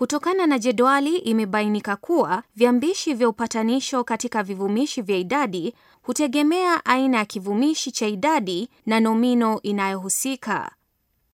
Kutokana na jedwali, imebainika kuwa viambishi vya upatanisho katika vivumishi vya idadi hutegemea aina ya kivumishi cha idadi na nomino inayohusika.